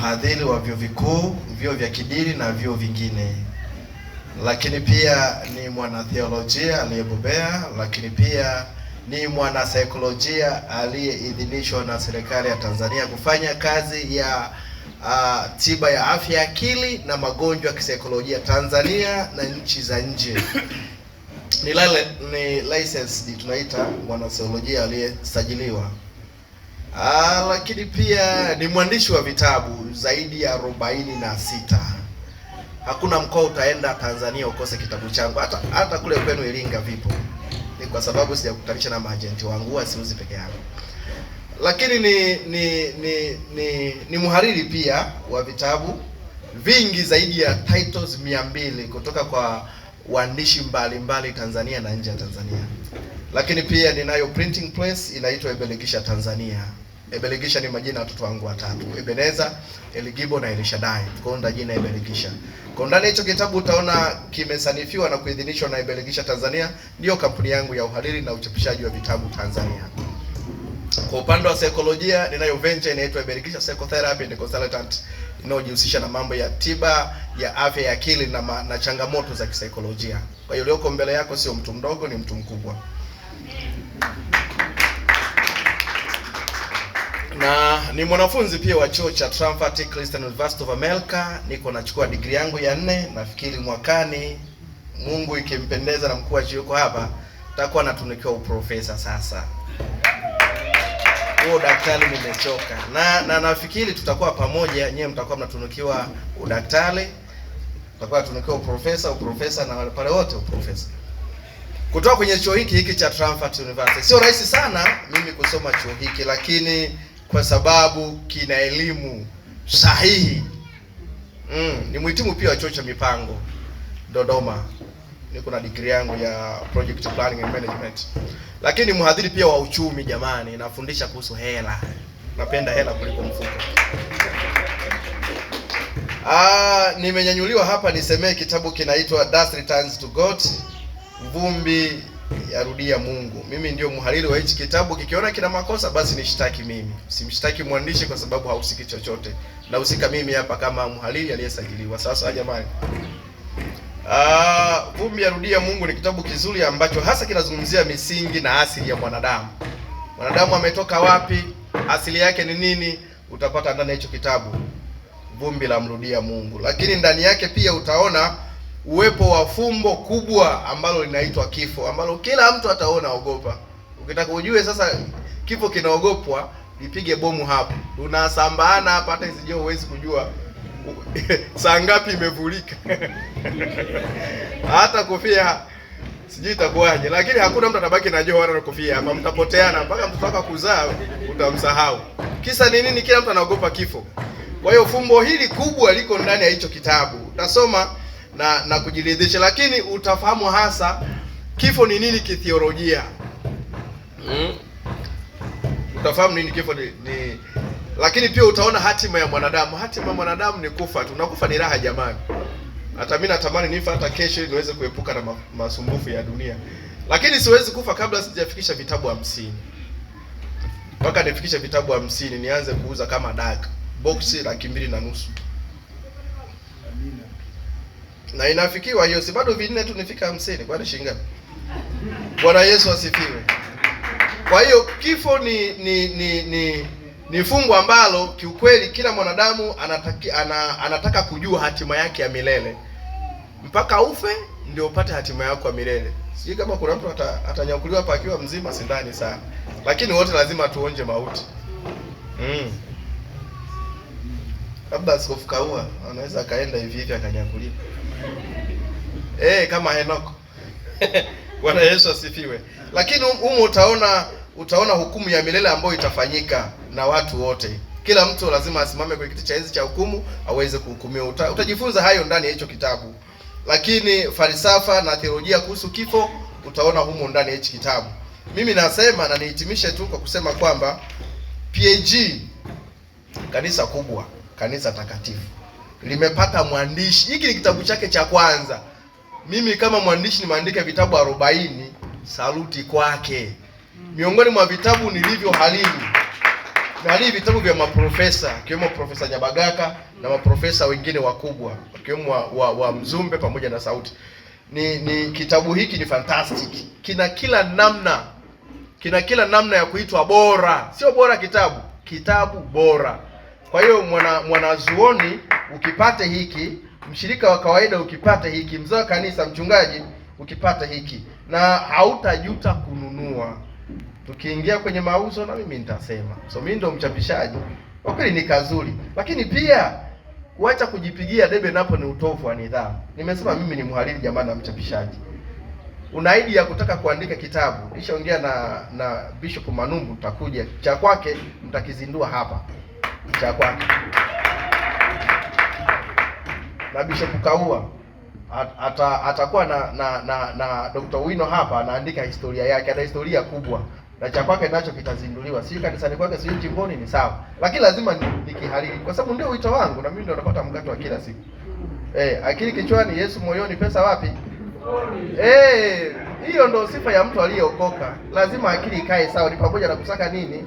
uhadhiri wa vyuo vikuu, vyuo vya kidini na vyuo vingine, lakini pia ni mwanatheolojia aliyebobea, lakini pia ni mwanasaikolojia aliyeidhinishwa na serikali ya Tanzania kufanya kazi ya uh, tiba ya afya ya akili na magonjwa ya kisaikolojia Tanzania na nchi za nje. Ni, ni licensed tunaita mwanasaikolojia aliyesajiliwa. Ah, lakini pia ni mwandishi wa vitabu zaidi ya arobaini na sita. Hakuna mkoa utaenda Tanzania ukose kitabu changu, hata hata kule kwenu Iringa vipo. Ni kwa sababu sijakutanisha na maajenti wangu, siuzi peke yangu. Lakini ni ni ni ni, ni mhariri pia wa vitabu vingi zaidi ya titles mia mbili kutoka kwa waandishi mbalimbali Tanzania na nje ya Tanzania. Lakini pia ninayo printing press inaitwa Ibelegisha Tanzania. Ebelegisha ni majina ya watoto wangu watatu, Ebeneza, Eligibo na Elishadai. Kwa hiyo jina Ebelegisha. Kwa ndani hicho kitabu utaona kimesanifiwa na kuidhinishwa na Ebelegisha Tanzania, ndio kampuni yangu ya uhariri na uchapishaji wa vitabu Tanzania. Kwa upande wa saikolojia, ninayo venture inaitwa Ebelegisha Psychotherapy and Consultant inayojihusisha na mambo ya tiba ya afya ya akili na, ma, na changamoto za kisaikolojia. Kwa hiyo ulioko mbele yako sio mtu mdogo, ni mtu mkubwa. Amen na ni mwanafunzi pia wa chuo cha Tramvati Christian University of America. Niko nachukua degree yangu ya nne, nafikiri mwakani, Mungu ikimpendeza na mkuu wa chuo yuko hapa, nitakuwa natunukiwa uprofesa. Sasa huo daktari nimechoka na, na nafikiri tutakuwa pamoja, nyewe mtakuwa mnatunukiwa udaktari, tutakuwa natunukiwa uprofesa, uprofesa na wale pale wote uprofesa kutoka kwenye chuo hiki hiki cha Tramvati University. Sio rahisi sana mimi kusoma chuo hiki lakini kwa sababu kina elimu sahihi. Mm, ni mhitimu pia wa chuo cha mipango Dodoma, niko na degree yangu ya project planning and management, lakini mhadhiri pia wa uchumi. Jamani, nafundisha kuhusu hela, napenda hela kuliko mfuko. Ah, nimenyanyuliwa hapa nisemee kitabu kinaitwa Dust Returns to God, vumbi yarudia Mungu. Mimi ndio mhariri wa hichi kitabu, kikiona kina makosa basi nishtaki mimi, simshtaki mwandishi kwa sababu hahusiki chochote, nahusika mimi hapa kama mhariri aliyesajiliwa. Sasa jamani, ah, vumbi yarudia Mungu ni kitabu kizuri ambacho hasa kinazungumzia misingi na asili ya mwanadamu. Mwanadamu ametoka wapi? Asili yake ni nini? Utapata ndani ya hicho kitabu, vumbi la mrudia Mungu, lakini ndani yake pia utaona uwepo wa fumbo kubwa ambalo linaitwa kifo, ambalo kila mtu ataona ogopa. Ukitaka ujue sasa kifo kinaogopwa, nipige bomu hapo, unasambana hapa, hata isije huwezi kujua saa ngapi imevulika hata kofia sijui itakuwaje, lakini hakuna mtu atabaki na joho na kofia hapa, mtapoteana mpaka mtoto wako kuzaa utamsahau. Kisa ni nini? Kila mtu anaogopa kifo. Kwa hiyo fumbo hili kubwa liko ndani ya hicho kitabu, utasoma na, na kujiridhisha, lakini utafahamu hasa kifo ni nini kithiolojia. Mm. Utafahamu nini kifo ni, ni lakini pia utaona hatima ya mwanadamu. Hatima ya mwanadamu ni kufa tu, nakufa ni raha jamani. Hata mimi natamani nifa hata kesho niweze kuepuka na masumbufu ya dunia, lakini siwezi kufa kabla sijafikisha vitabu hamsini. Mpaka nifikishe vitabu hamsini nianze kuuza kama dak. boksi laki mbili na nusu. Amina na inafikiwa hiyo, si bado vinne tu nifika hamsini, kwani shilingi ngapi? Bwana Yesu asifiwe. Kwa hiyo kifo ni ni ni ni, ni fungu ambalo kiukweli kila mwanadamu anataki, ana, anataka kujua hatima yake ya milele mpaka ufe ndio upate hatima yako ya milele. Sijui kama kuna mtu atanyakuliwa hapa akiwa mzima, sindani sana, lakini wote lazima tuonje mauti mm labda Askofu Kaua anaweza akaenda hivi hivi akanyakuliwa eh, kama Henoko. Bwana Yesu asifiwe. Lakini humu utaona utaona hukumu ya milele ambayo itafanyika na watu wote. Kila mtu lazima asimame kwenye kiti cha enzi cha hukumu aweze kuhukumiwa. Uta, utajifunza hayo ndani ya hicho kitabu. Lakini falsafa na theolojia kuhusu kifo utaona humo ndani ya hicho kitabu. Mimi nasema na nihitimishe tu kwa kusema kwamba PAG kanisa kubwa kanisa takatifu limepata mwandishi. Hiki ni kitabu chake cha kwanza. Mimi kama mwandishi nimeandika vitabu arobaini. Saluti kwake. Miongoni mwa vitabu nilivyo nilivyohariri nahariri vitabu vya maprofesa akiwemo Profesa Nyabagaka na maprofesa wengine wakubwa wakiwemo wa, wa, wa Mzumbe pamoja na Sauti. Ni, ni kitabu hiki ni fantastic, kina kila namna, kina kila namna ya kuitwa bora, sio bora kitabu, kitabu bora. Kwa hiyo mwana mwanazuoni ukipata hiki, mshirika wa kawaida ukipata hiki, mzee wa kanisa, mchungaji ukipata hiki, na hautajuta kununua. Tukiingia kwenye mauzo, na mimi nitasema, so mimi ndo mchapishaji kwa kweli, ni kazuri, lakini pia kuacha kujipigia debe napo ni utovu wa nidhamu. Nimesema mimi ni mhariri jamani na mchapishaji unaahidi ya kutaka kuandika kitabu. Nishaongea na na Bishop Manumbu, mtakuja cha kwake mtakizindua hapa cha kwake na Bishop Kaua ata- atakuwa na na na, na Dr. Wino hapa anaandika historia yake, ana historia kubwa na cha kwake nacho kitazinduliwa, sio kanisani kwake, sio jimboni, ni sawa, lakini lazima nikihariri kwa sababu ndio wito wangu, na mimi ndio napata mkato wa kila siku. Eh, akili kichwani, Yesu moyoni, pesa wapi? Eh, hiyo ndio sifa ya mtu aliyeokoka. Lazima akili ikae sawa, ni pamoja na kusaka nini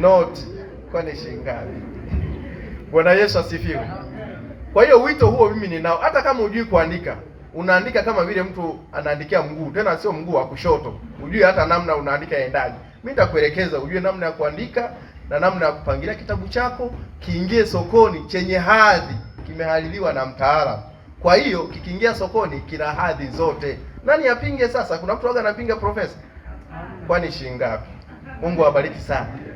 not kwani shingapi? Bwana Yesu asifiwe. Kwa hiyo wito huo mimi ninao, hata kama hujui kuandika, unaandika kama vile mtu anaandikia mguu, tena sio mguu wa kushoto, hujui hata namna unaandika endaje. Mimi nitakuelekeza ujue namna ya kuandika na namna ya kupangilia kitabu chako kiingie sokoni chenye hadhi, kimehaliliwa na mtaalamu. Kwa hiyo kikiingia sokoni kina hadhi zote. Nani apinge sasa? Kuna mtu waga anapinga profesa? Kwani shilingi ngapi? Mungu awabariki sana.